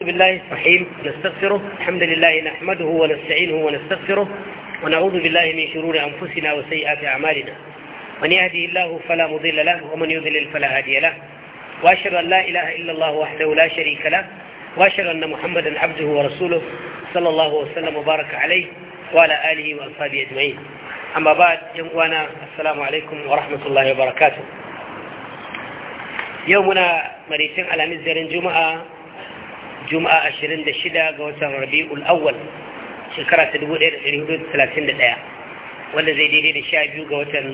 بسم الله الرحيم نستغفره الحمد لله نحمده ونستعينه ونستغفره ونعوذ بالله من شرور أنفسنا وسيئات أعمالنا من يهدي الله فلا مضل له ومن يضلل فلا هادي له وأشهد أن لا إله إلا الله وحده لا شريك له وأشهد أن محمدا عبده ورسوله صلى الله وسلم وبارك عليه وعلى آله وأصحابه أجمعين أما بعد يوانا السلام عليكم ورحمة الله وبركاته يومنا مريسين على مزير جمعة juma'a ashirin da shida ga watan rabi'ul awwal shekara ta dubu da da da hudu talatin ɗaya, wanda zai daidai da sha biyu ga watan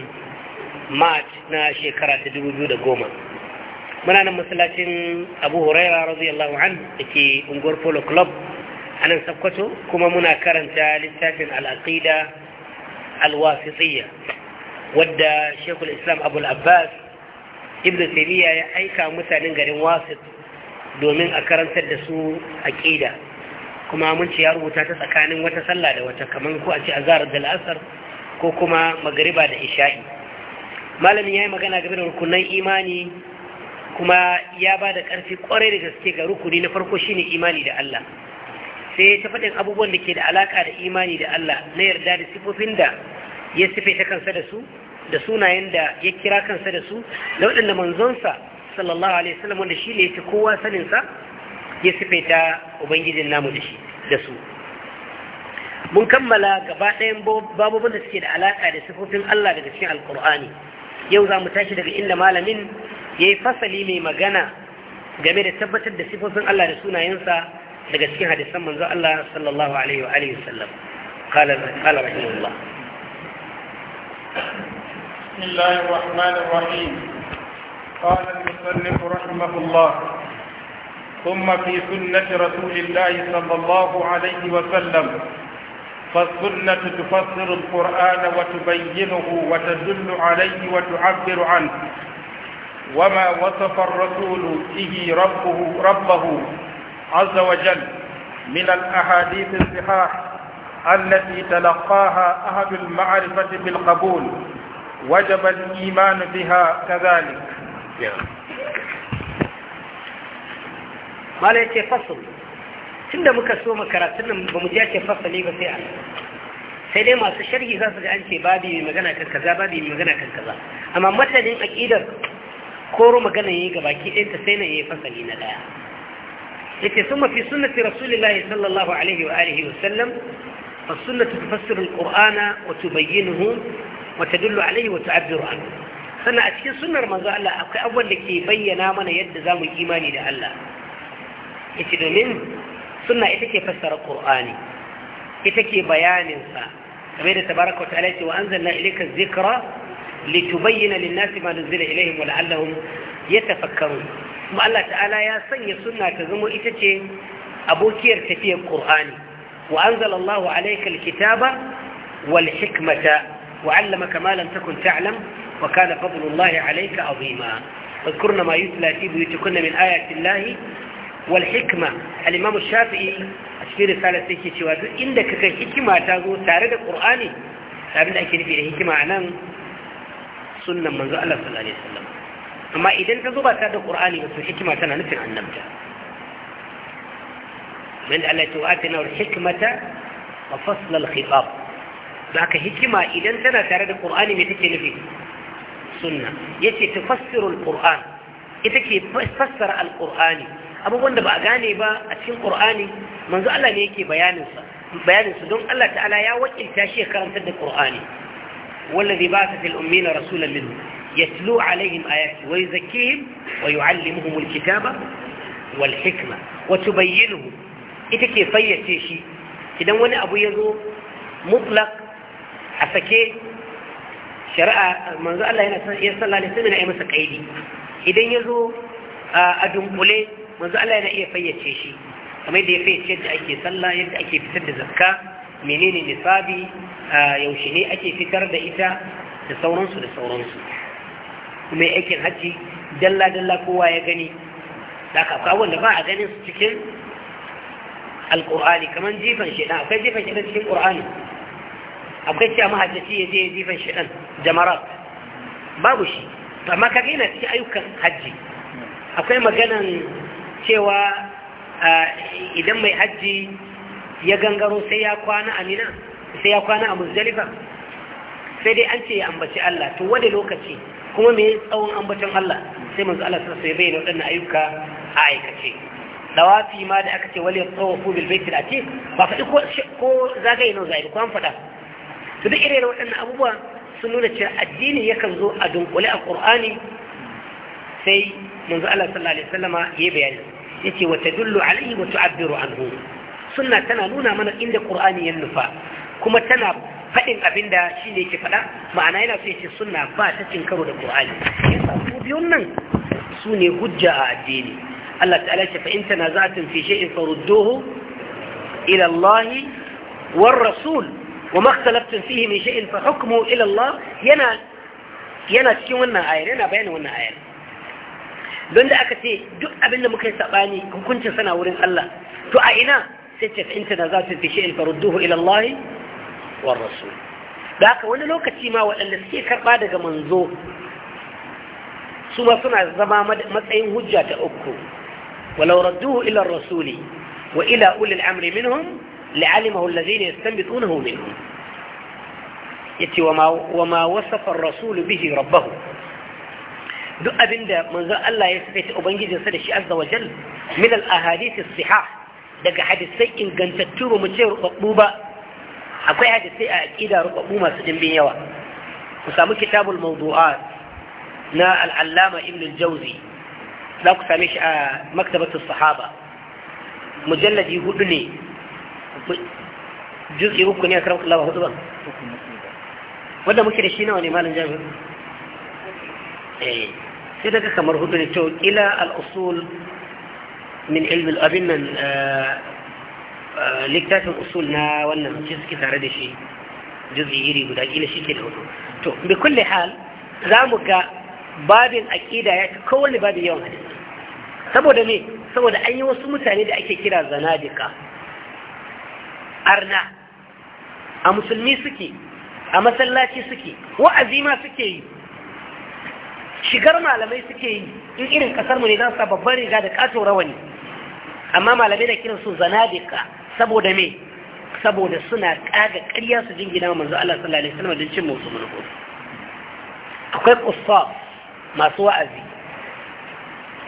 mart na shekara ta dubu biyu da goma. muna nan masallacin abu huraira radiyallahu an da ke unguwar polo club a nan sakkwato kuma muna karanta littafin al'aqida alwasitiyya wadda shekul islam abul abbas ibn taymiya ya aika mutanen garin wasit domin a karantar da su aƙida kuma mun ce ya rubuta ta tsakanin wata sallah da wata kamar ko a ce azhar da al'asar ko kuma magariba da isha'i malamin ya yi magana game da rukunan imani kuma ya ba da ƙarfi ƙwarai da gaske ga rukuni na farko shine imani da Allah sai ta faɗin abubuwan da ke da alaƙa da imani da Allah na yarda da sifofin da ya sife ta kansa da su da sunayen da ya kira kansa da su da waɗanda manzonsa sallallahu alaihi wasallam wanda shi ne ya kowa saninsa ya sifaita ubangijin namu da shi da su mun kammala gaba ɗayan babobin da suke da alaƙa da sifofin Allah daga cikin alƙur'ani yau za mu tashi daga inda malamin ya yi fasali mai magana game da tabbatar da sifofin Allah da sunayensa daga cikin hadisan manzo Allah sallallahu alaihi wa alihi wasallam qala rahimahullah بسم الله الرحمن الرحيم قال المصنف رحمه الله ثم في سنة رسول الله صلى الله عليه وسلم فالسنة تفسر القرآن وتبينه وتدل عليه وتعبر عنه وما وصف الرسول به ربه, ربه عز وجل من الأحاديث الصحاح التي تلقاها أهل المعرفة بالقبول وجب الإيمان بها كذلك malai ce fasul tun da muka soma makaratun nan ba mu ja ce fasali ba sai a sai dai masu sharhi za su ga an ce babi mai magana kan kaza babi mai magana kan kaza amma matanin aƙidar koro magana yayi gabaki ɗayan sai na yi fasali na daya yace sun fi sunnati rasulillahi sallallahu alaihi wa alihi wa sallam fa sunnatu tufassiru alqur'ana wa tubayyinuhu wa tadullu alaihi wa tu'abbiru anhu sannan a cikin sunnar manzo Allah akwai abubuwan da ke bayyana mana yadda za mu imani da Allah ya ce domin suna ita ke fassara ƙur'ani ita ke bayaninsa game da tabaraka wata alaƙi wa an zanna ilika zikira litubayyana linnasi ma nuzila ilaihim wa ya tafakkaru. kuma Allah ta'ala ya sanya suna ta zama ita ce abokiyar tafiyar ƙur'ani wa anzala Allahu alayka alkitaba wal hikmata wa 'allamaka ma takun ta'lam وكان فضل الله عليك عظيما اذكرن ما يتلى في بيوتكن من آيات الله والحكمة الإمام الشافعي في رسالة سيكي شوادو إنك كحكمة تازو تارد القرآن abin da ake nufi da hikima a nan sunan manzo Allah sallallahu alaihi wasallam amma idan ta zuba ta da Qur'ani wato hikima tana nufin annabta min Allah ta atina al-hikmata wa fasl al-khitab haka hikima idan tana tare da ƙur'ani me take nufi sunna yace tufassiru qur'an ita ke fassara alqurani abubuwan da ba a gane ba a cikin qur'ani manzo Allah ne yake bayanin sa bayanin su don Allah ta'ala ya wakilta shi karantar da qur'ani wallazi ba'atha fil ummina rasulan minhum yatlu alaihim ayati wa yuzakkihim wa yuallimuhum alkitaba wal hikma wa tubayyinuhu ita ke fayyace shi idan wani abu ya zo mutlak a sake shari'a manzo Allah yana san iya sallah ne sai yana yi masa kaidi idan ya zo a dunkule manzo Allah yana iya fayyace shi kamar yadda ya fayyace yadda ake sallah yadda ake fitar da zakka menene nisabi yaushe ne ake fitar da ita da sauransu da sauransu kuma aikin hajji dalla dalla kowa ya gani da kawo wanda ba a ganin su cikin Alƙur'ani kamar jifan shaidan akwai jifan shi cikin qur'ani akwai cewa mahajjaci ya je jifan ɗan, jamara. babu shi amma maka yana cikin ayyukan hajji akwai maganan cewa idan mai hajji ya gangaro sai ya kwana amina sai ya kwana a musdalifa sai dai an ce ya ambaci Allah to wani lokaci kuma me tsawon ambacin Allah sai manzo Allah sai ya bayyana waɗannan ayyuka a aikace dawafi ma da aka ce wal yatawafu bil a ce ba faɗi ko zagaye nan zai ko an faɗa Su duk irin waɗannan abubuwa sun nuna cewa addini yakan zo a dunkule a ƙur'ani sai manzo Allah sallallahu alaihi wasallama yayi bayani yace wa tadullu alaihi wa tu'abbiru anhu sunna tana nuna mana inda qur'ani ya nufa kuma tana faɗin abinda shi ne yake faɗa ma'ana yana so yace sunna ba ta cin karo da qur'ani yasa su biyun nan su ne hujja a addini Allah ta'ala ce fa in tanaza'tum fi shay'in farudduhu ila Allah war rasul وما اختلفتم فيه من شيء فحكمه إلى الله ينا yana cikin wannan ayar yana bayanin wannan ayar don da aka ce duk abinda muka yi saɓani hukuncin sana wurin Allah tu a ina sai ce fa inta za ta fishe in farudduhu ila Allah wa rasul da haka wani lokaci ma waɗanda suke karɓa daga manzo su ma suna zama matsayin hujja ta uku walau radduhu ila rasuli wa ila ulil amri minhum لعلمه الذين يستنبطونه منه يتي وما, وما وصف الرسول به ربه duk abin da manzon Allah ya saita ubangijinsa da shi azza wa jal min al ahadith daga hadisai ingantattu ba mu ce rubabbu ba akwai hadisai a aqida rubabbu masu dimbin yawa ku sami kitabul mawdu'at na al-allama ibn al-jawzi za ku same shi a maktabatu sahaba mujalladi hudu ne juz'i uku ne a karamar Allah ba hudu ba wanda muke da shi nawa ne malam jami'u eh, sai daga kamar hudu ne to ila al'usul min ilmin abin nan eh, eh, littafin usul na wannan shi suke tare da shi juz'i iri guda kila shi ke da hudu to bi kulle hal za mu ga babin aƙida ya kowane babin yawan hadisi saboda ne saboda an yi wasu mutane da ake kira zanadika arna a musulmi suke a masallaci suke wa'azima suke yi shigar malamai suke yi in irin kasarmu ne don sa babban riga da kato rawani amma malamai da kiransu zanadika saboda me saboda suna kaga karya su jingina wa manzo Allah sallallahu alaihi wasallam don cin musu mulku akwai kussa masu wa'azi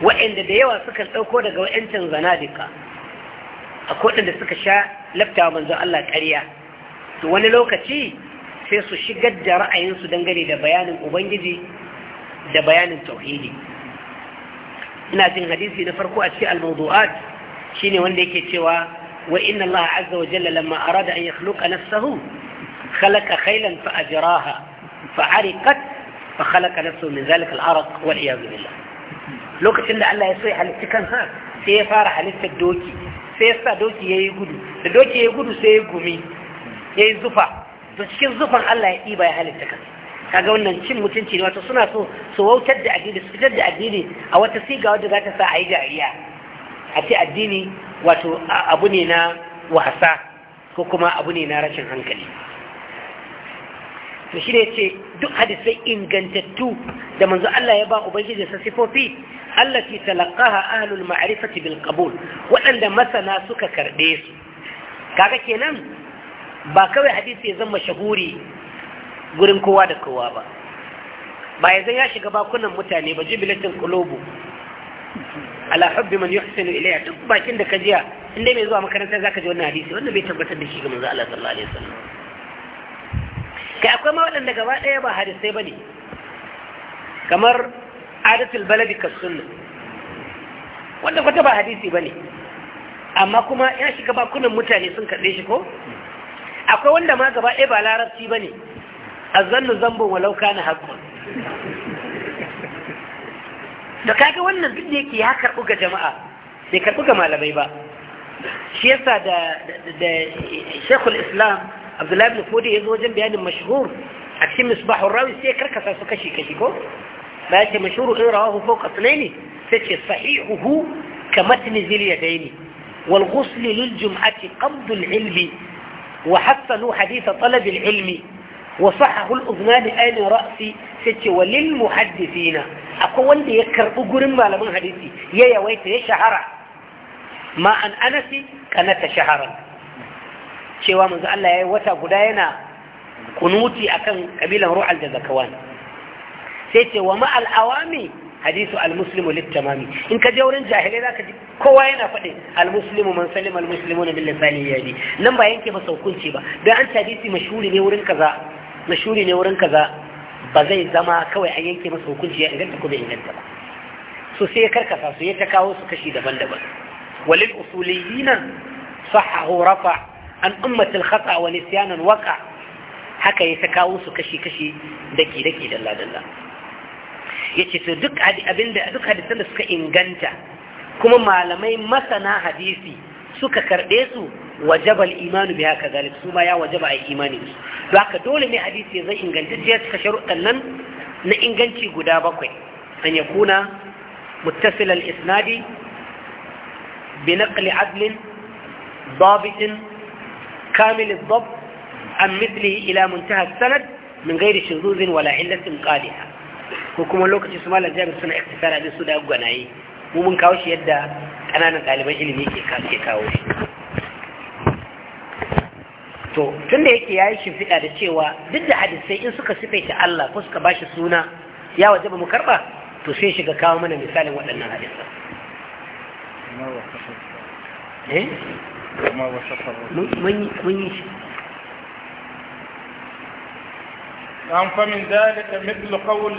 wa'anda da yawa suka dauko daga wa'ancin zanadika akwai waɗanda suka sha laftawa manzon Allah ƙarya to wani lokaci sai su shigar da ra'ayinsu dangane da bayanin ubangiji da bayanin tauhidi ina jin hadisi na farko a cikin al-mawdu'at shine wanda yake cewa wa inna Allah azza wa jalla lamma arada an yakhluqa nafsahu khalaqa khaylan fa ajraha fa ariqat fa khalaqa nafsahu min zalika al-araq wal iyad billah lokacin da Allah ya so ya halitta kansa sai ya fara halittar doki sai ya sa doki ya yi gudu da doki ya yi gudu sai ya gumi ya yi zufa to cikin zufan Allah ya ɗiba ya halitta ka. kaga wannan cin mutunci ne wato suna so su wautar da addini su fitar da addini a wata siga wadda za ta sa a yi dariya a ce addini wato abu ne na wasa ko kuma abu ne na rashin hankali to shi ne ce duk hadisai ingantattu da manzo Allah ya ba ubangiji sa sifofi allati talaqaha ahlul ma'rifati bil qabul waɗanda masana suka karbe su kaga kenan ba kawai hadisi ya zama shahuri gurin kowa da kowa ba ba ya zan ya shiga bakunan mutane ba jibilatin qulubu ala hubbi man yuhsinu ilayya duk bakin da ka jiya inda mai zuwa makarantar zaka ji wannan hadisi wannan bai tabbatar da shi ga manzo Allah sallallahu alaihi wasallam kai akwai ma waɗanda gaba ɗaya ba hadisai ba ne kamar adatul baladi kasunna wanda kwata ba hadisi ba ne amma kuma ya shiga bakunan mutane sun karɗe shi ko akwai wanda ma gaba ɗaya ba larabci ba ne a zannu zambon walauka na haƙon da kaga wannan duk da yake ya karɓu ga jama'a bai karɓu ga malamai ba shi yasa da shekul islam عبد الله بن فودي يزوجن بأنه مشهور حكيم مصباح الراوي سيكر كسر سكشي كشيكو بأنه مشهور إن رواه فوق اثنين سكش صحيحه كمتن ذي اليدين والغسل للجمعة قبض العلم وحسنوا حديث طلب العلم وصحه الأذنان آن رأسي سكش وللمحدثين أقول ولي يكر أقرم على حديثي يا يا ويت يا شهر ما أن أنسي كانت شهرًا cewa manzo Allah ya yi wata guda yana kunuti akan kabilan ru'al da zakawan sai ce wa ma'al awami hadisu al-muslimu littamami in ka je wurin jahilai zaka ji kowa yana faɗi al-muslimu man salima al-muslimuna na bil lisani yadi nan ba yanke masa hukunci ba dan an hadisi mashhuri ne wurin kaza mashhuri ne wurin kaza ba zai zama kawai an yanke masa hukunci ya inganta ko bai inganta ba so sai ya karkasa su ya ta kawo su kashi daban-daban walil usuliyina sahahu rafa' an ummatul khata wa nan waka haka ya ta kawo su kashi kashi daki daki dalla dalla yace to duk abinda duk da suka inganta kuma malamai masana hadisi suka karbe su wajabal imanu biha kazalik su ma ya wajaba a imani da su haka dole ne hadisi zai ingantacciya suka sharuɗan nan na inganci guda bakwai an ya kuna isnadi bi naqli adlin ضابط كامل الضبط عن مثله إلى منتهى السند من غير شذوذ ولا علة قادحة وكما لوكا تسمى لجاب سنة اختصار هذه السوداء وقناعي ومن كاوش يدى أنا نتعلم علمي كي كاوش to tun da yake yayi shimfiɗa da cewa duk da hadisi in suka sifaita Allah ko suka bashi suna ya waje mu karba to sai shiga kawo mana misalin waɗannan hadisan وما وصف الرسول من نعم فمن ذلك مثل قول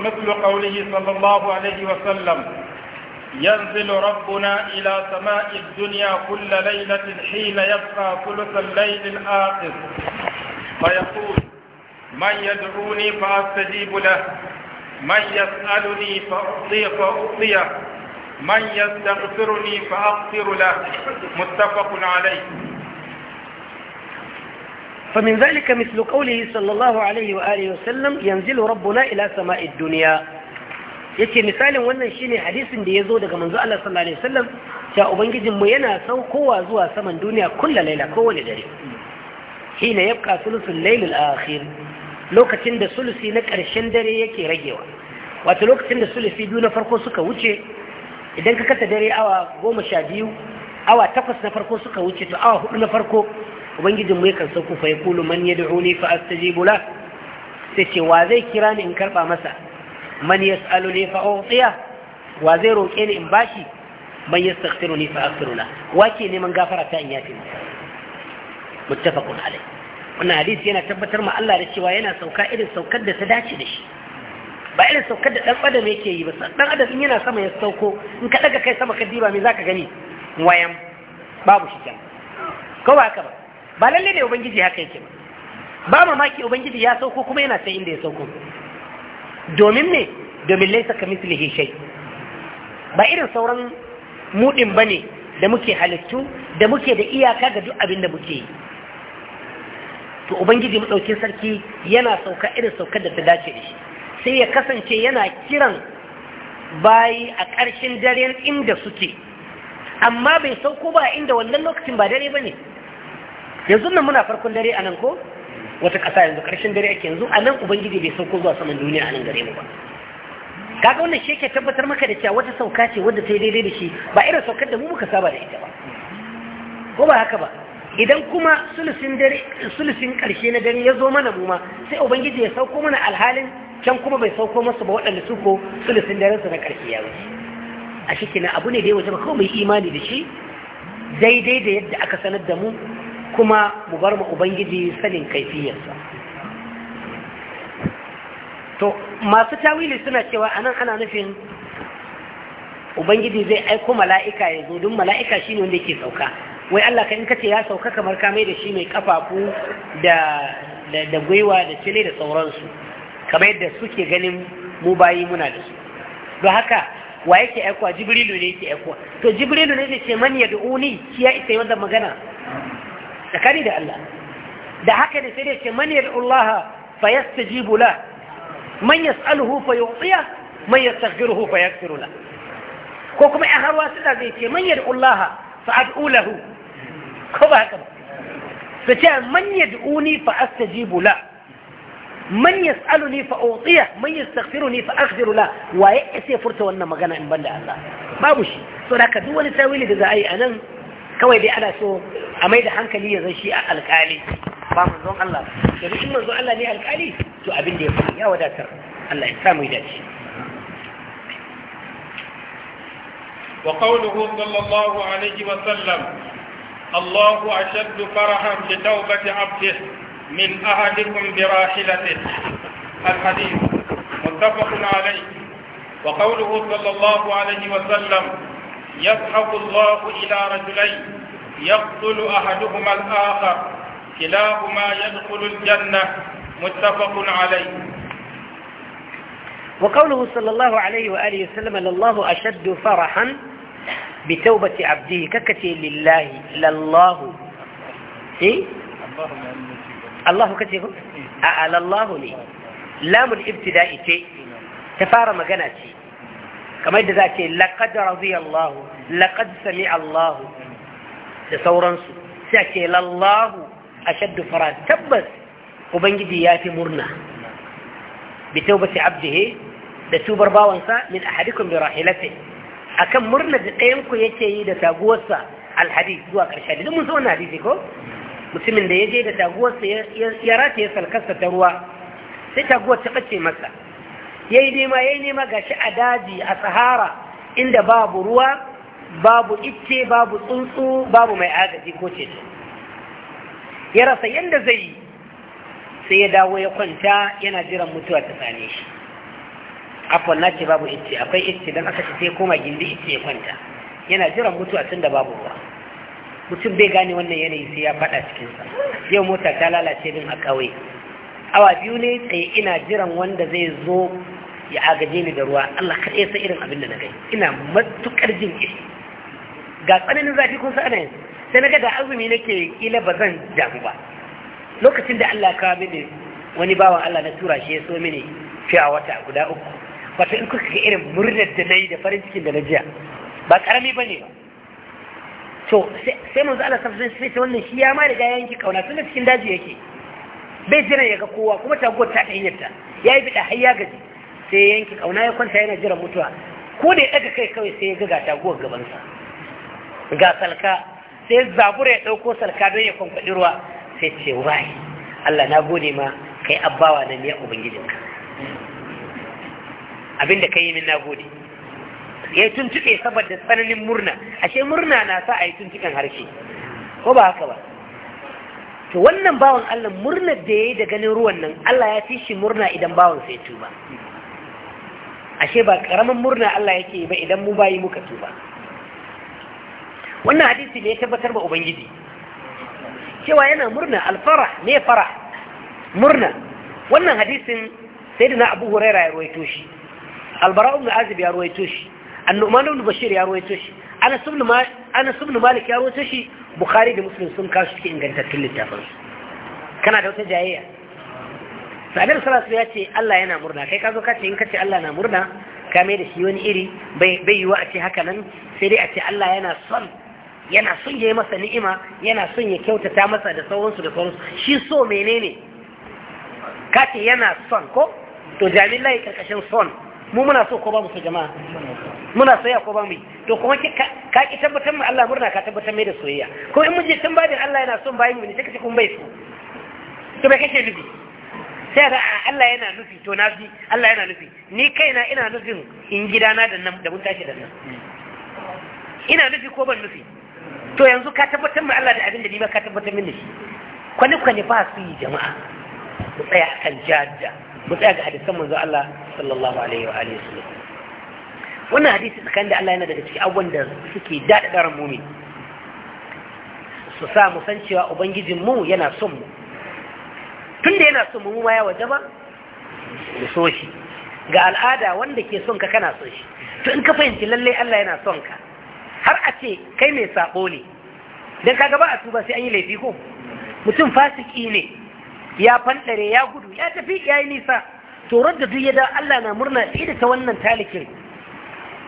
مثل قوله صلى الله عليه وسلم ينزل ربنا إلى سماء الدنيا كل ليلة حين يبقى ثلث الليل الآخر فيقول من يدعوني فأستجيب له من يسألني فأعطيه فأعطيه من يستغفرني فأغفر له متفق عليه فمن ذلك مثل قوله صلى الله عليه وآله وسلم ينزل ربنا إلى سماء الدنيا يكي مثال وانا شيني حديث ليزودك منذ الله صلى الله عليه وسلم شاء أبنجد مينا سو قوة زوى سماء الدنيا كل ليلة قوة لدري حين يبقى ثلث الليل الآخر لوكة ثلثي نكر الشندري يكي رجيوا وتلوكة ثلثي دون فرقو سكا وجه idan ka kasa dare awa goma sha biyu awa takwas na farko suka wuce to awa hudu na farko ubangijin mai kan sauku fa kulu man ne fa astajibu bula sai ce wa zai kira ni in karba masa man ya tsalo ne fa u'tiya wa zai roke ni in bashi man ya yastaghfiru ne fa aghfiru la wace neman gafara ta in yafi masa muttafaqun alai wannan hadisi yana tabbatar ma Allah da cewa yana sauka irin saukar da ta dace da shi ba irin saukar da ɗan adam yake yi ba ɗan adam in yana sama ya sauko in ka ɗaga kai sama ka diba za ka gani wayan babu shi kyan ko ba haka ba ba lalle ne ubangiji haka yake ba ba mamaki ubangiji ya sauko kuma yana sai inda ya sauko domin ne domin laisa ka mislihi shai ba irin sauran mudin ne da muke halittu da muke da iyaka ga duk abin da muke yi to ubangiji madaukin sarki yana sauka irin saukar da ta dace da shi sai ya kasance yana kiran bayi a ƙarshen daren inda suke amma bai sauko ba inda wannan lokacin ba dare ba ne yanzu nan muna farkon dare a nan ko wata ƙasa yanzu ƙarshen dare ake yanzu a nan ubangiji bai sauko zuwa saman duniya a nan gare mu ba kaga wannan shi ke tabbatar maka da cewa wata sauka ce wadda ta yi daidai da shi ba irin saukar da mu muka saba da ita ba ko ba haka ba idan kuma sulusin ƙarshe na dare ya zo mana mu ma sai ubangiji ya sauko mana alhalin can kuma bai sauko masu ba waɗanda su ko sulusin daransu na ƙarfi ya wuce a shi kina abu ne da ya waje kawai mai imani da shi daidai da yadda aka sanar da mu kuma mu bar mu ubangiji sanin kaifiyarsa to masu tawili suna cewa anan ana nufin ubangiji zai aiko mala'ika ya zo don mala'ika ne wanda yake sauka wai Allah ka in ka ce ya sauka kamar ka mai da shi mai kafafu da da gwiwa da cile da sauransu kamar yadda suke ganin mu bayi muna da su don haka wa yake aikowa jibrilu ne yake aikowa to jibrilu ne zai ce man ya du'uni shi ya isa wannan magana tsakani da Allah da haka ne sai da ce man ya Allah fa yastajibu la man yas'aluhu fa yu'tiya man yastaghfiruhu fa yaghfiru la ko kuma in har wasu da zai ce man ya Allah fa ad'u lahu ko ba haka ba su ce man ya du'uni fa astajibu la man yas'aluni fa utiya man yastaghfiruni fa aghfiru la waye sai furta wannan magana in banda Allah babu shi so da ka duk wani tawili da za a yi anan kawai dai ana so a mai da hankali ya zan shi a alkali ba manzon Allah da duk manzon Allah ne alkali to abin da ya faru ya wadatar Allah ya وقوله صلى الله عليه وسلم الله أشد فرحا بتوبة عبده من أحدكم براحلته الحديث متفق عليه وقوله صلى الله عليه وسلم يذهب الله إلى رجلين يقتل أحدهما الآخر كلاهما يدخل الجنة متفق عليه وقوله صلى الله عليه وآله وسلم لله أشد فرحا بتوبة عبده ككتي لله لله إيه؟ اللهم Allahu kace ku a alallahu ne lamul ibtida'i ce ta fara magana ce kamar da za ce laqad radiyallahu laqad sami Allahu da sauransu sai ce lallahu ashaddu fara tabbas ubangiji ya fi murna bi tawbati abdihi da tubar bawansa min ahadikum bi rahilati akan murna da ɗayan ku yake yi da taguwarsa alhadith zuwa ƙarshe da mun zo na hadisi ko mutumin da ya je da taguwarsa ya rataye salkarsa ta ruwa sai taguwar ta ɓace masa ya yi nema ya yi nema ga shi a daji a sahara inda babu ruwa babu itce babu tsuntsu babu mai agaji ko ceto ya rasa yadda zai yi sai ya dawo ya kwanta yana jiran mutuwa ta same shi afon na babu itce akwai itce don aka ce sai koma gindi itce ya kwanta yana jiran mutuwa tun da babu ruwa mutum bai gane wannan yanayi sai ya faɗa cikinsa yau mota ta lalace min a ƙauye awa biyu ne tsaye ina jiran wanda zai zo ya agaje ni da ruwa Allah kaɗai sa irin abin da na gani ina matuƙar jin ƙishi ga tsananin zafi kun sa'ana yanzu sai na ga da azumi nake kila ba zan damu ba lokacin da Allah kawo mini wani bawan Allah na tura shi ya so mini a wata guda uku wato in kuka ga irin murnar da na yi da farin cikin da na jiya ba ƙarami ba ne ba So sai mun Allah sallallahu sai sai wannan shi ya ma riga yanki kauna da cikin daji yake bai jira ya ga kowa kuma taguwar ta Ya yayi bida har ya gaji sai yanki kauna ya kwanta yana jiran mutuwa ko da ya daga kai kawai sai ya ga ga taguwar gaban sa ga salka sai zabura ya dauko salka don ya kwankwaɗi ruwa sai ce wai Allah na gode ma kai abbawa na ne ubangijinka abinda kai yi min na gode ya yi tuntuɓe saboda tsananin murna ashe murna na sa a yi tuntuɓen harshe ko ba haka ba to wannan bawan Allah murnar da ya yi da ganin ruwan nan Allah ya fi shi murna idan bawan sai tuba ashe ba karamin murna Allah yake ba idan mu bayi muka tuba wannan hadisi ne ya tabbatar ba ubangiji cewa yana murna alfara ne fara murna wannan hadisin sai da na abu Hurairah ya ruwaito shi albara'un ibn azib ya ruwaito shi annoman ibn bashir ya rawaito shi ana ibn anas ibn malik ya rawaito shi bukhari da muslim sun kawo shi cikin ingantattun littafin kana da wata jayayya sanar salasu ya ce Allah yana murna kai ka zo ka ce in ka ce Allah na murna ka mai da shi wani iri bai yi wa a ce haka nan sai dai a ce Allah yana son yana son ya yi masa ni'ima yana son ya kyautata masa da sauransu da sauransu shi so menene ka ce yana son ko to jami'in lai karkashin son mu muna so ko ba mu so jama'a muna soyayya ko ba mu yi? to kuma ka ki tabbatar mu Allah murna ka tabbatar mai da soyayya ko in muje tun bayan Allah yana son bayan mu ne take cikin bai so to bai kace nufi sai da Allah yana nufi to na fi Allah yana nufi ni kaina ina nufin in na da nan da mun tashi da nan ina nufi ko ban nufi to yanzu ka tabbatar mu Allah da abin da ni ba ka tabbatar mini shi kwani kwani ba su yi jama'a mu tsaya kan jadda mu tsaya ga hadisan manzo Allah sallallahu alaihi wa alihi wasallam wannan hadisi tsakanin da Allah yana daga cikin abubuwan da suke daɗa ɗaran mumin su sa mu san cewa ubangijin mu yana son mu tunda yana son mu ma ya wajaba mu so shi ga al'ada wanda ke son ka kana son shi to in ka fahimci lalle Allah yana son ka har a ce kai mai sabo ne dan kaga ba a tuba sai an yi laifi ko mutum fasiki ne ya fandare ya gudu ya tafi ya yi nisa to da duk da Allah na murna ida ta wannan talikin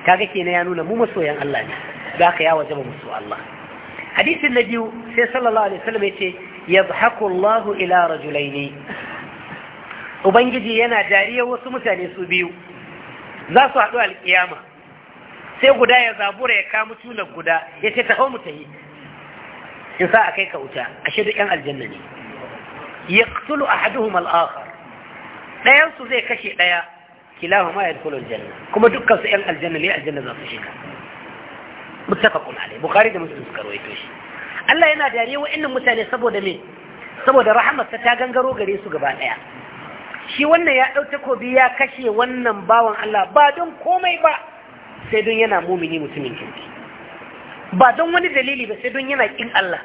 kaga na ya nuna mu masoyan Allah ne za ka ya waje mu Allah hadisin na biyu sai sallallahu alaihi wasallam yace yadhaku Allah ila rajulaini ubangiji yana dariya wasu mutane su biyu za su haɗu alƙiyama sai guda ya zabura ya kama tunan guda ya ce taho mu tahi in sa a kai ka wuta ashe duk yan aljanna ne yaqtulu ahaduhum al-akhar ɗayansu zai kashe ɗaya kilahu ma ya dukulun janna kuma dukkan su ‘yan aljanna ne aljanna za su shiga muttafaqun ne bukhari da muslim suka rawaito shi Allah yana dariya wa'annan mutane saboda me saboda rahamarsa ta gangaro gare su gaba ɗaya shi wannan ya ɗau takobi ya kashe wannan bawan Allah ba don komai ba sai don yana mumini mutumin kirki ba don wani dalili ba sai don yana ƙin Allah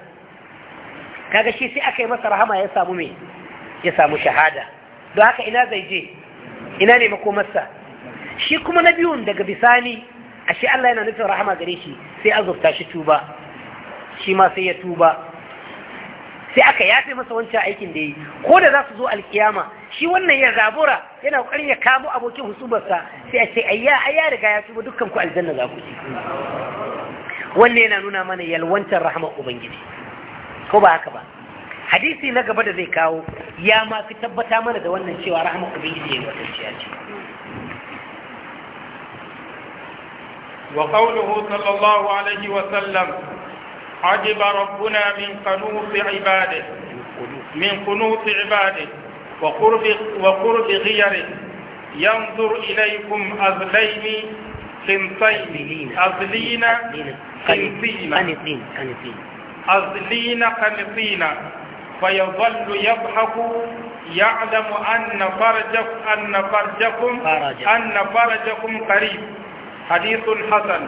kaga shi sai aka yi masa rahama ya samu me ya samu shahada da haka ina zai je ina ne makomarsa shi kuma na biyun daga bisani ashe Allah yana nufin rahama gare shi sai azurta shi tuba shi ma sai ya tuba sai aka yafe masa wancan aikin da yi ko da za su zo alkiyama shi wannan ya zabura yana kokarin ya kamo abokin husubarsa sai a ce ayya ayya riga ya tuba dukkan ku aljanna za ku ci wannan yana nuna mana yalwantar rahama ubangiji ko ba haka ba hadisi na gaba da zai kawo يا ما في tabbata mana da wannan شيء rahama ubangiji شيء wataciya وقوله صلى الله عليه وسلم عجب ربنا من قنوط عباده من قنوط عباده وقرب وقرب غيره ينظر إليكم أذلين قنطين أذلين قنطين أذلين قنطين فيظل يضحك يعلم أن فرجك أن فرجكم فرجك. أن فرجكم قريب حديث حسن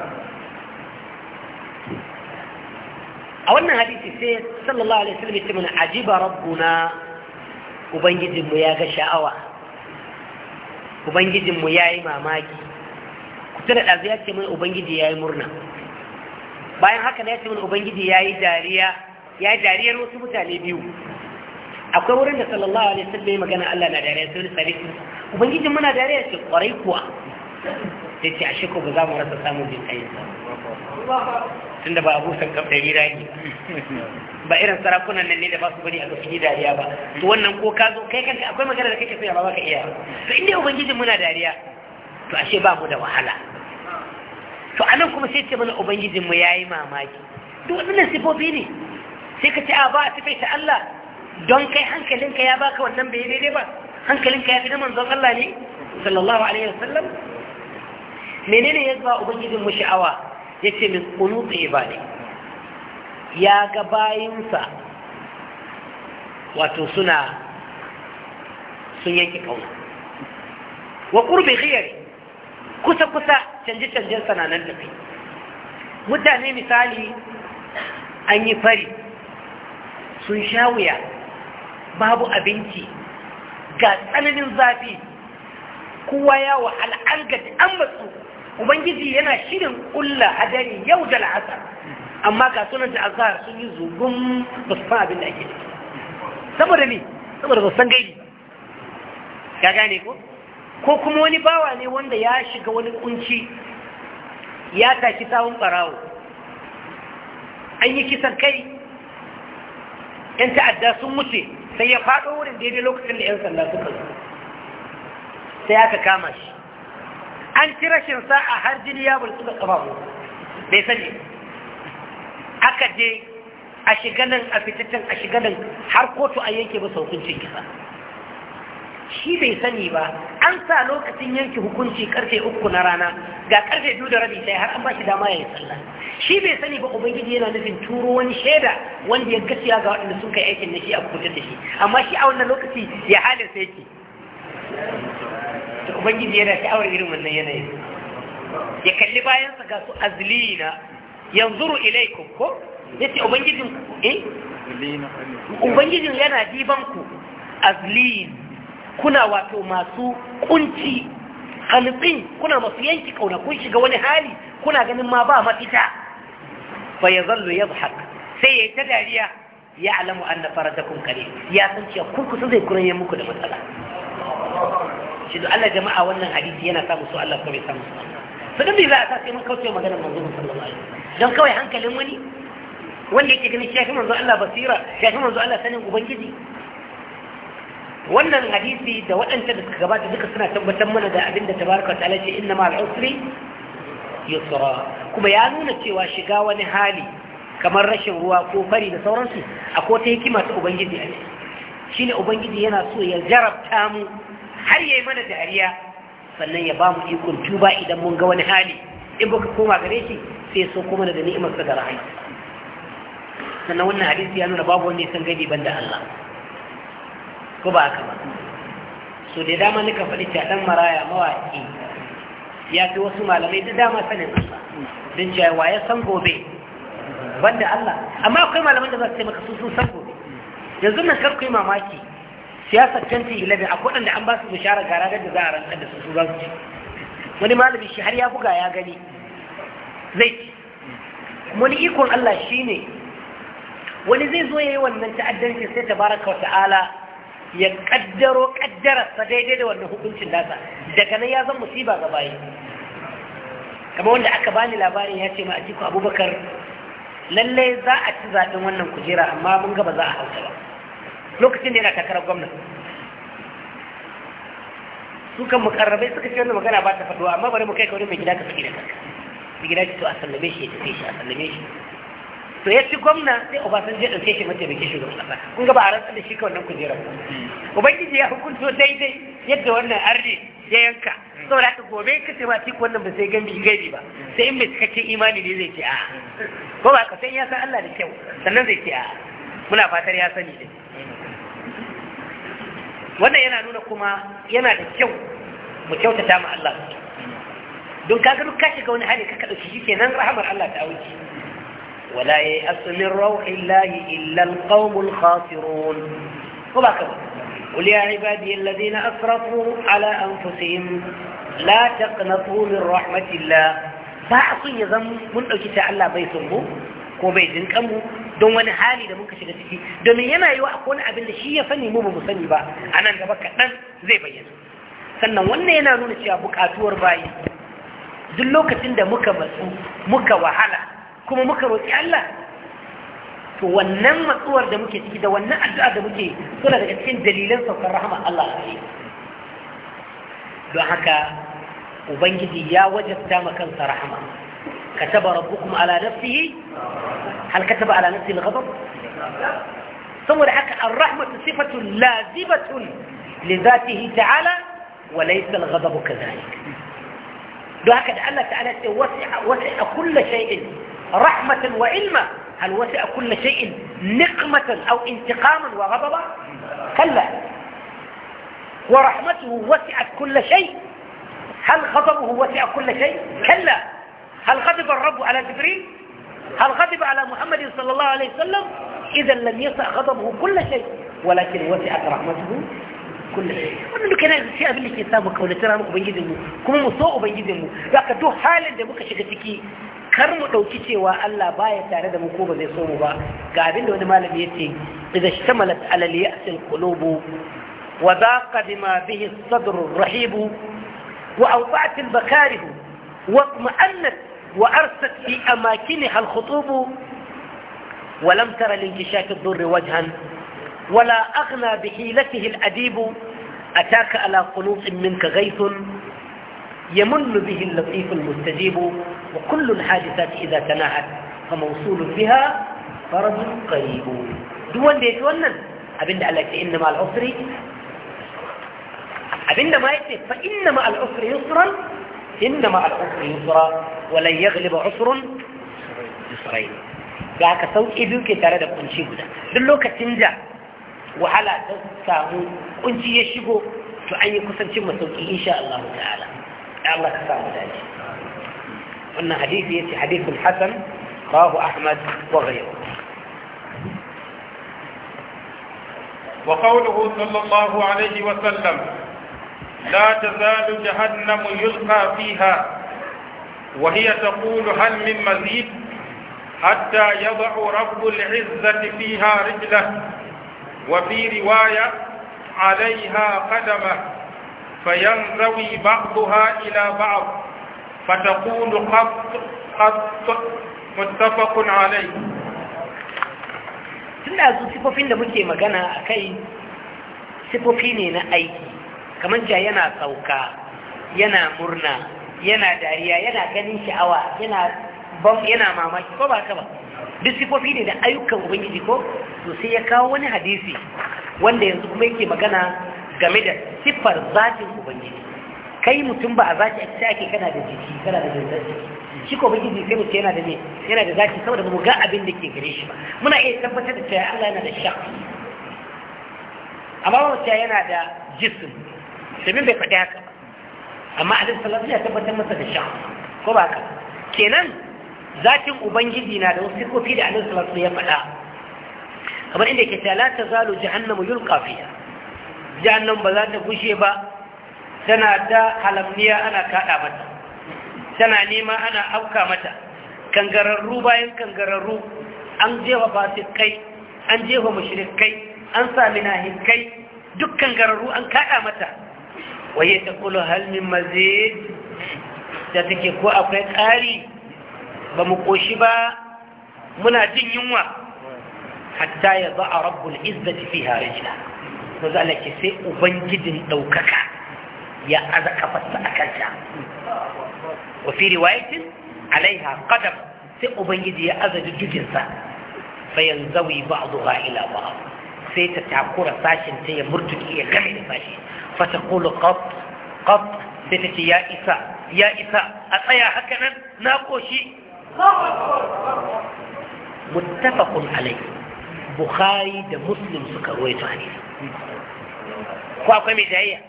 أولنا حديث السيد صلى الله عليه وسلم يتمنى عجيب ربنا وبنجد مياغ شاوة وبنجد مياغ ماماكي كتر الأزياء يتمنى وبنجد ياي مرنا bayan haka da ya ce mana ubangiji ya yi dariya ya dariyar wasu mutane biyu akwai wurin da sallallahu alaihi wasallam ya magana Allah na dariya sai sai ubangijin muna dariya ce kwarai kuwa sai ce ashe ko ba za mu rasa samun jin kai tunda ba abu san kafin rira ne ba irin sarakunan nan ne da ba su bari a ga fili dariya ba to wannan ko ka zo kai kanka akwai magana da kake so ya ba ka iya to inda ubangijin muna dariya to ashe ba mu da wahala to anan kuma sai ce mana ubangijin mu yi mamaki duk wannan sifofi ne sai ka ce a ba a sifaita Allah don kai hankalinka ya baka wannan bai daidai ba hankalinka ya fi na manzon Allah ne sallallahu alaihi wasallam menene ya zuwa ubangijin mu sha'awa Ya ce min qunut ibadi ya ga bayinsa wato suna sun yanke kauna wa qurbi khiyari kusa kusa canje canjen sananan da kai mutane misali an yi fari sun sha wuya babu abinci ga tsananin zafi kowa ya wa an da an matsu ubangiji yana shirin kulla hadari yau da la'asar amma ga sunan da azhar sun yi zugun ba abin da ake ciki saboda ne saboda ba san ya gane ko ko kuma wani bawa ne wanda ya shiga wani kunci ya tashi tawon barawo an yi kisan kai yan ta'adda sun wuce sai ya faɗo wurin daidai lokacin da yan sanda suka zo sai aka kama shi an ci rashin sa'a har jini ya bulci da bai sani aka je a shiganin a fitattun a shiganin har kotu a yanke masa hukuncin kisa shi bai sani ba an sa lokacin yanki hukunci karfe uku na rana ga karfe biyu da rabi sai har an ba shi dama ya yi sallah shi bai sani ba ubangiji yana nufin turo wani shaida wanda ya gaskiya ga waɗanda sun kai aikin da shi a kuɗin da shi amma shi a wannan lokaci ya halin sai ke ubangiji yana sha'awar irin wannan yanayin ya kalli bayansa ga su azlina yanzuru ilaikum ko yace ubangijin eh ubangijin yana diban ku azlina kuna wato masu kunci halittin kuna masu yanki kauna kun shiga wani hali kuna ganin ma ba mafita fa ya zallu ya zuhak sai ya yi ta dariya ya alamu an na fara ya san cewa kun kusa zai kuran yin muku da matsala shi da Allah jama'a wannan hadisi yana samu su Allah kuma ya samu su su dan za a sa sai mun kauce maganar manzo sallallahu alaihi wasallam don kawai hankalin wani wanda yake ganin shi ya fi manzo Allah basira ya fi manzo Allah sanin ubangiji wannan hadisi da waɗanda da suka gabata duka suna tabbatar mana da abinda tabaraka ta'ala ce inna ma'al usri yusra kuma ya nuna cewa shiga wani hali kamar rashin ruwa ko fari da sauransu akwai ta hikima ta ubangiji a shine ubangiji yana so ya jarabta mu har yayi mana dariya sannan ya ba mu ikon tuba idan mun ga wani hali in baka koma gare shi sai ya so kuma da ni'imar sa da rahama sannan wannan hadisi ya nuna babu wanda ya san gadi banda Allah ko ba haka ba so da dama nika faɗi ta ɗan maraya mawaƙi ya fi wasu malamai da dama sanin Allah don cewa wa ya san gobe banda Allah amma akwai malaman da za su taimaka su sun san gobe yanzu nan kar ku yi mamaki siyasar 2011 akwai waɗanda an ba su bishara gara da za a rantsar da su su zan ci wani malami shi har ya buga ya gani zai ci wani ikon Allah shi ne wani zai zo ya yi wannan ta'addanci sai tabaraka wa ta'ala ya kaddaro kaddararsa daidai da wannan hukuncin nasa daga nan ya zan musiba ga bayi kamar wanda aka bani labarin ya ce ma atiku abubakar lallai za a ci zaɓen wannan kujera amma mun gaba za a hauta ba lokacin da yana takarar gwamna sukan mukarrabai suka ce wanda magana ba ta faɗuwa amma bari mu kai kawai mai gida ka fi da kanka mai gida ce to a sallame shi ya tafi shi a sallame shi to ya ci gwamna sai obasanjo ya ɗauke shi mataimakin shugaban ƙasa kun gaba a rantsar da shi ka wannan kujerar ubangiji ya hukunto daidai yadda wannan arne ya yanka sau da haka gobe ka ce ba tiku wannan ba sai gambi gari ba sai in mai cikakken imani ne zai ce a ko ba ka san ya san Allah da kyau sannan zai ce a muna fatar ya sani ne wannan yana nuna kuma yana da kyau mu kyautata ma Allah don kaga duk ka shiga wani hali ka dauki shi kenan Allah ta auki wala ya asmin rauhillahi illa alqaumul khasirun ko ba ka ba قل يا عبادي الذين أسرفوا na أنفسهم لا تقنطوا من رحمة الله فأعصي ذنب من أجيس على بيسنبو ko bai dinkan mu don wani hali da muka shiga ciki domin yana yi wa akwai abin da shi ya sani mu ba mu sani ba a nan gaba kaɗan zai bayyana sannan wannan yana nuna cewa buƙatuwar bayi duk lokacin da muka matsu muka wahala kuma muka roƙi Allah to wannan matsuwar da muke ciki da wannan addu'a da muke suna daga cikin dalilan saukar rahama Allah a don haka ubangiji ya wajabta ma kansa rahama kataba rabbukum ala nafsihi hal kataba ala nafsihi al-ghadab saboda haka ar-rahmatu sifatun lazibatun li dhatihi ta'ala wa laysa al-ghadab kadhalik don haka da Allah ta'ala ce wasi'a wasi'a kullu shay'in rahmatan wa ilma هل وسع كل شيء نقمة أو انتقاما وغضبا كلا ورحمته وسعت كل شيء هل غضبه وسع كل شيء كلا هل غضب الرب على جبريل هل غضب على محمد صلى الله عليه وسلم إذا لم يسع غضبه كل شيء ولكن وسعت رحمته كل شيء wannan duka yana sai في da ke samu kaunatar muku ubangijinmu kuma mu so ubangijinmu zaka duk halin kar mu ɗauki cewa Allah baya tare da mu ko ba zai so mu ba ga abin da wani malami yace idza shtamalat alal al-ya'sil qulubu wa daqa bima bihi as-sadr ar-rahib wa awqa'at al-bakarih wa itma'annat wa arsat fi amakinha al-khutub wa lam tara al-inkishaf ad-durr wajhan ولا أغنى بحيلته الأديب أتاك على قنوط منك غيث يمن به اللطيف المستجيب وكل الحادثات إذا تناحت فموصول بها فرج قريب دون ديت ونن أبن قالك إنما العسر أبن ما يكتب فإنما العسر يسرا إنما العسر يسرا ولن يغلب عسر يسرين da haka sauƙi biyu tare da kunci guda duk lokacin da wahala ta samu kunci ya shigo to an yi kusancin masauki insha ka samu أن يأتي حديث حسن رواه أحمد وغيره وقوله صلى الله عليه وسلم لا تزال جهنم يلقى فيها وهي تقول هل من مزيد حتى يضع رب العزة فيها رجله وفي رواية عليها قدمه فينزوي بعضها إلى بعض فتقول خط خط متفق عليه tunda su sifofin da muke magana a kai sifofi ne na aiki kamar ja yana sauka yana murna yana dariya yana ganin sha'awa yana bam yana mamaki ko ba ka ba duk sifofi ne da ayyukan ubangiji ko to sai ya kawo wani hadisi wanda yanzu kuma yake magana game da siffar zatin ubangiji kai mutum ba a zaki a cikin ake kana da jiki kana da jintar jiki shi ko baki sai mutum yana da ne yana da zaki saboda mu ga abin da ke gare shi ba muna iya tabbatar da cewa Allah yana da shafi amma ba cewa yana da jism sabin bai faɗi haka amma alaihi salatu ya tabbatar masa da shafi ko ba haka kenan zatin ubangiji na da wasu sifofi da alaihi salatu ya faɗa kamar inda yake ta la tazalu jahannamu yulqa fiha jahannam ba za ta gushe ba tana da halamniya ana kaɗa mata tana nema ana auka mata kangararru bayan kangararru an jefa fasikai an jefa mushrikai an sami nahikai duk kangararru an kaɗa mata waye ta kula halmin mazid da take ko akwai ƙari ba mu ƙoshi ba muna jin yunwa hatta ya za a rabbul izzati fi harijina ko za sai ubangijin ɗaukaka يا أذى كفت أكلتها وفي رواية عليها قدم سئ بنجد يا أذى جدجنسا فينزوي بعضها إلى بعض سيتا تعقور ساشن تي مرتك إيا غمي ساشن فتقول قط قط سيتا يا إساء يا إساء أطيا هكذا ناقوشي متفق عليه بخاري ده مسلم سكرويته حديث ko كمي دعيه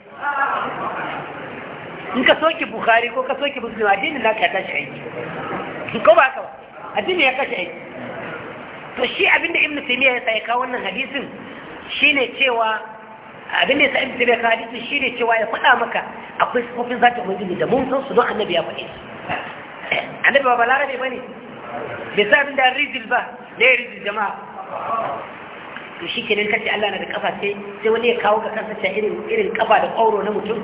in ka soke bukhari ko ka soke muslim addinin na ka tashi aiki ko ba haka ba addini ya kashe aiki to shi abinda Ibn taymiya ya sai kawo wannan hadisin shine cewa abinda ya sai ibnu taymiya kawo hadisin shine cewa ya faɗa maka akwai sifofin zata ubangiji da mun san su don annabi ya faɗe annabi ba balarabe ne. bai sa abinda rizil ba ne rizil jama'a to shi kenan kace Allah na da kafa sai sai wani ya kawo ka kansa ta irin irin kafa da kauro na mutum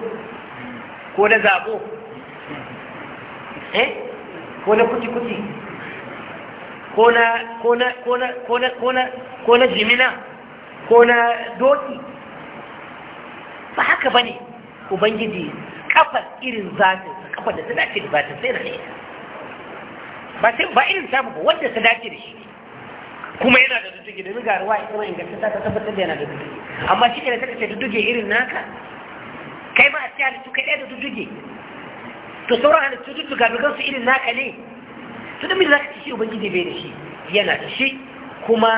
ko na zabo eh ko na kuti kuti ko na ko na ko na ko na ko na ko na jimina ko na doki ba haka bane ubangiji kafar irin zatin kafar da ta dace da zatin sai na ba sai ba irin samu ba wanda ta dace da shi kuma yana da dudduge domin ga ruwa ita mai gasa ta tabbatar da yana da dudduge amma shi kenan ta ce dudduge irin naka kai ma a ce halittu kai ɗaya da dudduge to sauran halittu ga dogon su irin naka ne to da mai za ka ci shi ubangiji bai da shi yana da shi kuma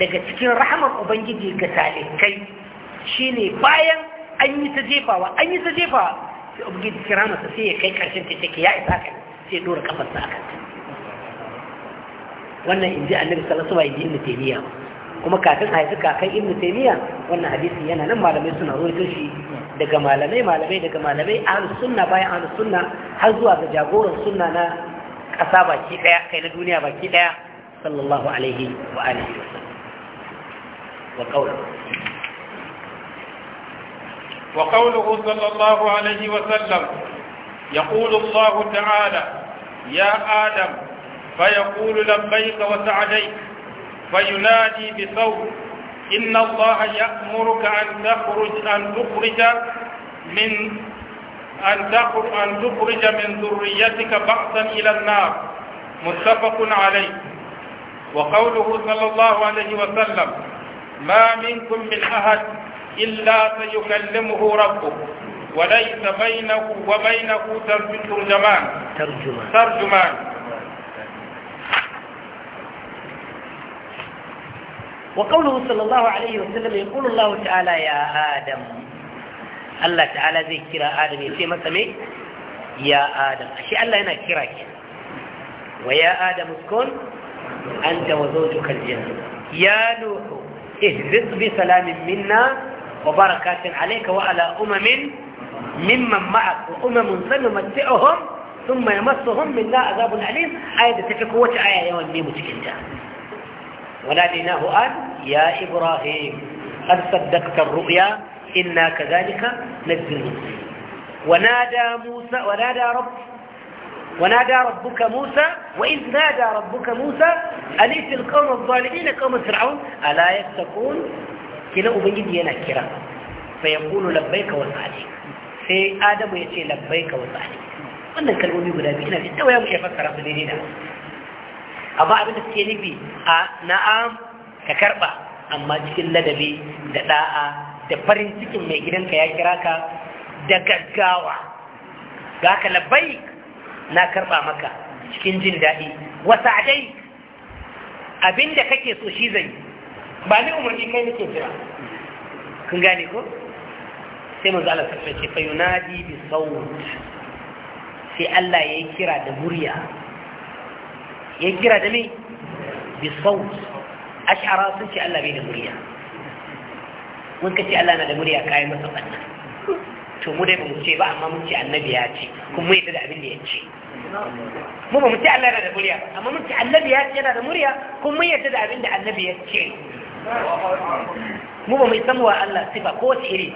daga cikin rahamar ubangiji ga shi shine bayan an yi ta jefawa an yi ta jefawa sai ubangiji kira masa sai ya kai karshen ta take ya isa kan sai dora kafarsa a kanta wannan in inji annabi sallallahu alaihi wasallam ibn taymiya kuma kafin a haifi kakan ibn taymiya wannan hadisi yana nan malamai suna rawaito shi daga malamai malamai daga malamai ahlus sunna bayan ahlus sunna har zuwa ga jagoran sunna na kasa baki daya kai na duniya baki daya sallallahu alaihi wa alihi wa qawlu wa qawluhu sallallahu alaihi wa sallam yaqulu Allah ta'ala ya adam فيقول لبيك وسعديك فينادي بصوت إن الله يأمرك أن تخرج أن تخرج من أن تخرج أن تخرج من ذريتك بعثا إلى النار متفق عليه وقوله صلى الله عليه وسلم ما منكم من أحد إلا سيكلمه ربه وليس بينه وبينه ترجمان ترجمان, ترجمان وقوله صلى الله عليه وسلم يقول الله تعالى يا آدم الله تعالى زي كرا آدم يسي مثلا يا آدم أشياء الله هنا كراك ويا آدم اسكن أنت وزوجك الجنة يا نوح اهبط بسلام منا وبركات عليك وعلى أمم ممن معك وأمم سنمتعهم ثم يمسهم منا عذاب أليم آية تفك آية يوم ميمو تكنتا وناديناه أن يا إبراهيم قد صدقت الرؤيا إنا كذلك نزل ونادى موسى ونادى رب ونادى ربك موسى وإذ نادى ربك موسى أليس القوم الظالمين قوم فرعون ألا يتقون كلا أبنجد ينكرا فيقول لبيك وسعديك في آدم يتي لبيك وسعديك وأنا كلمة يقول biyu ina da tsawo ya في ديننا amma abin da suke nufi a na'am ka karba amma cikin ladabi da da'a da farin cikin mai gidanka ya kira ka da gaggawa ga ka labai na karba maka cikin jin daɗi wasa dai abin da kake so shi zai ba ni umarni kai nake jira kun gane ko sai mun zala sai ce fa bi sawt sai Allah yayi kira da murya ya gira da me a ash'ara sun ce Allah bai da murya mun ka ce Allah na da murya kayan masa banna to mu dai ba mu ce ba amma mun ce annabi ya ce kuma mu yadda da abin da ya ce mu ba mu ce Allah yana da murya amma mun ce annabi ya ce yana da murya kuma mu yadda da abin da annabi ya ce mu ba mu san wa Allah sifa ko wace iri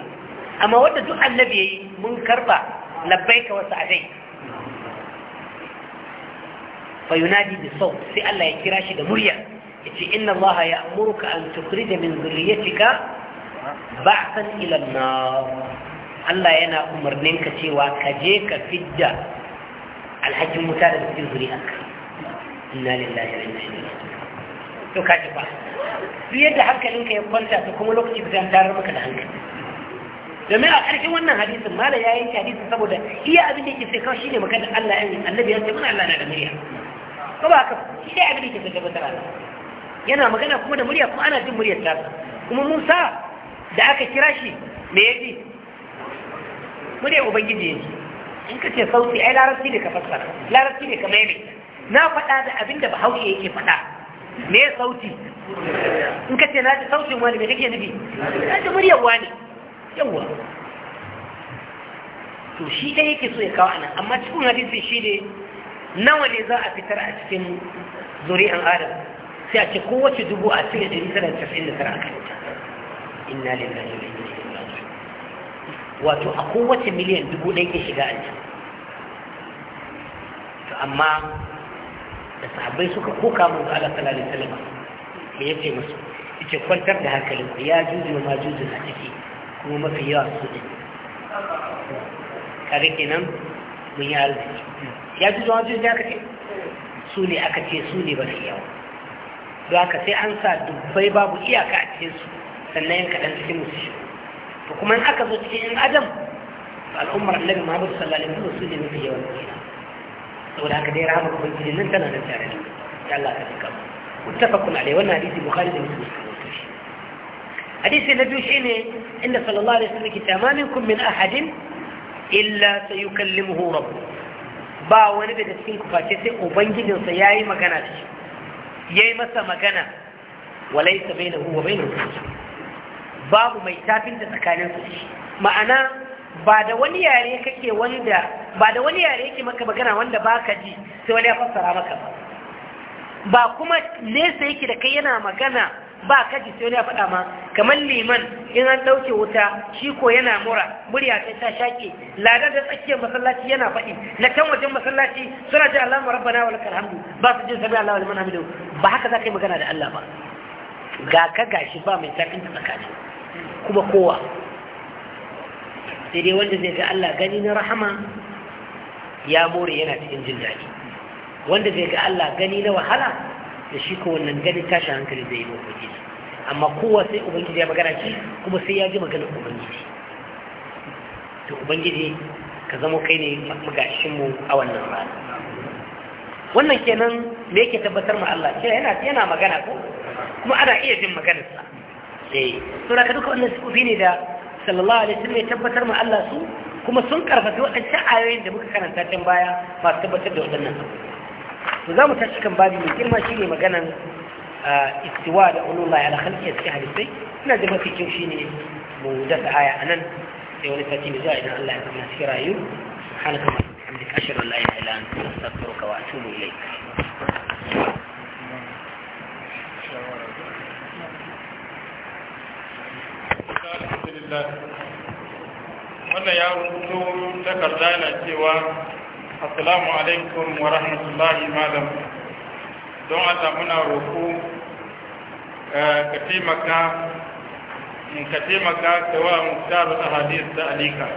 amma wanda duk annabi yayi mun karba labbaika wa sa'adai fa yunadi bi sawt sai Allah ya kira shi da murya yace inna Allah ya'muruka an tukhrija min dhurriyyatika ba'san ila an-nar Allah yana umarnin ka cewa ka je ka fidda alhakin wuta da cikin zuriyarka inna lillahi wa inna ilaihi to ka ji ba duk yadda hankalinka ya kwanta to kuma lokaci ba zan tarar maka da hankali domin a ƙarshen wannan hadisin mala ya yi hadisin saboda iya abin da yake sai kawai shi ne magana Allah ya yi annabi ya ce muna Allah na da murya ko ba haka shi abin da yake gabatar da yana magana kuma da murya kuma ana jin muryar ta kuma Musa da aka kira shi me yaji muryar ubangiji yaji in ka ce sauti ai larabci ne ka fassara larabci ne ka mai na faɗa da abin da bahaushe yake faɗa me sauti in ka ce na ji sautin wani me kake nufi na ji muryar wani yawwa to shi ɗaya yake so ya kawo anan amma cikin hadisi shi ne nawa ne za a fitar a cikin zuri'an adam sai a ce kowace dubu a cire ɗari tara casa'in da tara a kanta inna lillahi wa inna ilaihi raji'un wato a kowace miliyan dubu ɗaya ke shiga aljanna to amma da sahabbai suka koka mu ga Allah sallallahu alaihi wasallam me yace musu yace kwantar da hankalin ku ya juju ma juju na ciki kuma mafi yawa su ne kare kenan mun yi arziki ya ji zuwa jirgin aka ce su ne aka ce su ne ba su yawa don haka sai an sa dubbai babu iyaka a cikin su sannan yin kaɗan cikin musu shi to kuma in aka zo cikin yan adam al'ummar annabi muhammad sallallahu alaihi wasallam su ne mafi yawan kina saboda haka dai rahama ubangiji nan tana nan tare da ya Allah ka tuka muttafaqun alaihi wannan hadisi bukhari da muslim hadisi na biyu shine inda sallallahu alaihi wasallam ke tamamin kun min ahadin illa kallin rabbu ba wani da cikin ku face sai ubangijinsa yi magana da shi yi masa magana Walai bai walaysa bainahu wa bainahu babu mai tafin da tsakanin su ma'ana ba da wani yare kake wanda ba da wani yare yake maka magana wanda ba ka ji sai wani ya fassara maka ba ba kuma nesa yake da kai yana magana ba kaji sai wani ya faɗa ma kamar liman in an ɗauke wuta shi ko yana mura murya ta ta shaƙe ladar da tsakiyar masallaci yana faɗi na can wajen masallaci suna ji Allahumma rabbana na lakal karhamdu. ba su jin sami Allah wa liman hamidu ba haka za ka yi magana da Allah ba ga ka gashi ba mai zafin ta tsakani kuma kowa sai dai wanda zai ga Allah gani na rahama ya more yana cikin jin daɗi wanda zai ga Allah gani na wahala da shi ko wannan ganin tashi hankali zai yi wa ubangiji amma kowa sai ubangiji ya magana shi kuma sai ya ji maganar ubangiji to ubangiji ka zama kai ne mu a wannan rana wannan kenan me yake tabbatar ma Allah cewa yana yana magana ko kuma ana iya jin sa sai eh, to da duka wannan sifofi ne da sallallahu alaihi wasallam ya tabbatar ma Allah su kuma sun karfafi waɗancan ayoyin da muka karanta can baya masu tabbatar da waɗannan abubuwa to za mu tashi kan babi mai girma shi ne maganan istiwa da ulullahi ala khalqi cikin hadisai ina da mafi kyau shine mu dasa aya anan sai wani sati mai zuwa idan Allah ya kama cikin rayu subhanaka wa bihamdika ashhadu an la ilaha illa anta astaghfiruka wa atubu ilayk wannan ya rubuto takarda na cewa assalamu alaikum wa rahmatullahi malam don Allah muna roƙo eh, ka taimaka ka taimaka ka wa muktaru a hadis da alika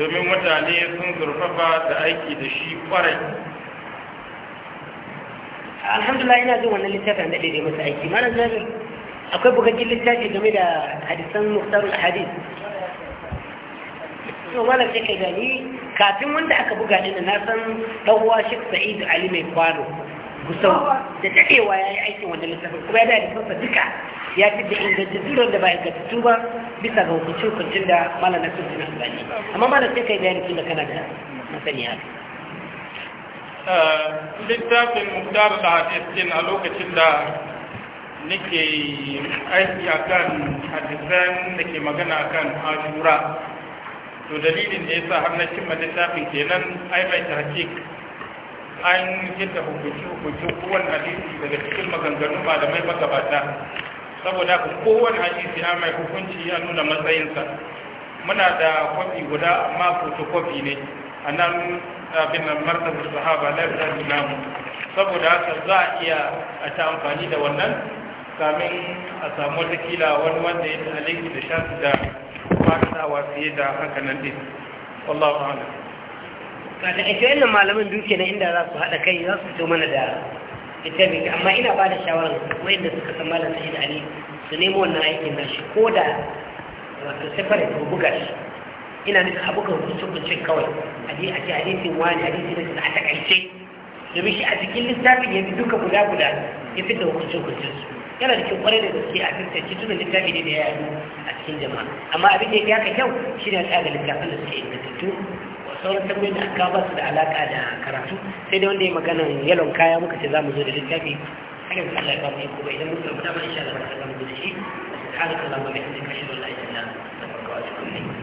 domin mutane sun zurfafa da aiki da shi kwarai alhamdulillah ina zuwa wannan littafin da daidai masa aiki mara zanen akwai bugaggen littafi game da hadisan muktarul hadis to sai kai gani kafin wanda aka buga ɗin na san ɗanwa shi sa'id ali mai kwano gusau da daɗewa ya yi aikin wanda littafin kuma ya da littafa duka ya fi da ingantattunan da ba ingantattu ba bisa ga hukuncin hukuncin da mala na sun jina albani amma mala sai kai bayani tun da kana da masaniya eh, littafin muktar da hadisin a lokacin da nake aiki akan hadisan da ke magana akan ashura to dalilin da ya sa har na cimma littafin kenan ai bai tarkik an yadda hukunci hukunci kowane hadisi daga cikin maganganu malamai magabata saboda ku kowane hadisi ya mai hukunci ya nuna matsayinsa muna da kwafi guda amma fotokofi ne a nan abin nan martabar sahaba lafiyar namu saboda haka za a iya a ta amfani da wannan kamin a samu wata kila wani wanda ya ta da shafi da faɗaɗawa fiye da haka nan ɗin wallahu a'lam ka da ake wannan malamin duke na inda za su haɗa kai za su fito mana da ita mai amma ina ba da shawarar wayanda suka san malam sa'id ali su nemo wannan aikin na shi ko da wato separate ko buga shi ina nufin abubuwan hukuncin kawai a je a ce hadisin wani hadisin da a takaice domin shi a cikin lissafin ya fi duka guda guda ya fi da hukuncin hukuncin su yana da kyau kwarai da gaske a tattace tunan littafi ne da ya yi a cikin jama'a amma abin da ya fi kyau shi ne tsaya da littafin da suke ingantattu sauran tambayoyin da aka ba su da alaka da karatu sai dai wanda ya magana yalon kaya muka ce za mu zo da littafi hakan da Allah ya ba mu iko ba idan ta ba dama insha Allah za mu zama da shi subhanaka allahumma wa bihamdika da an la ilaha illa anta astaghfiruka wa atubu ilayk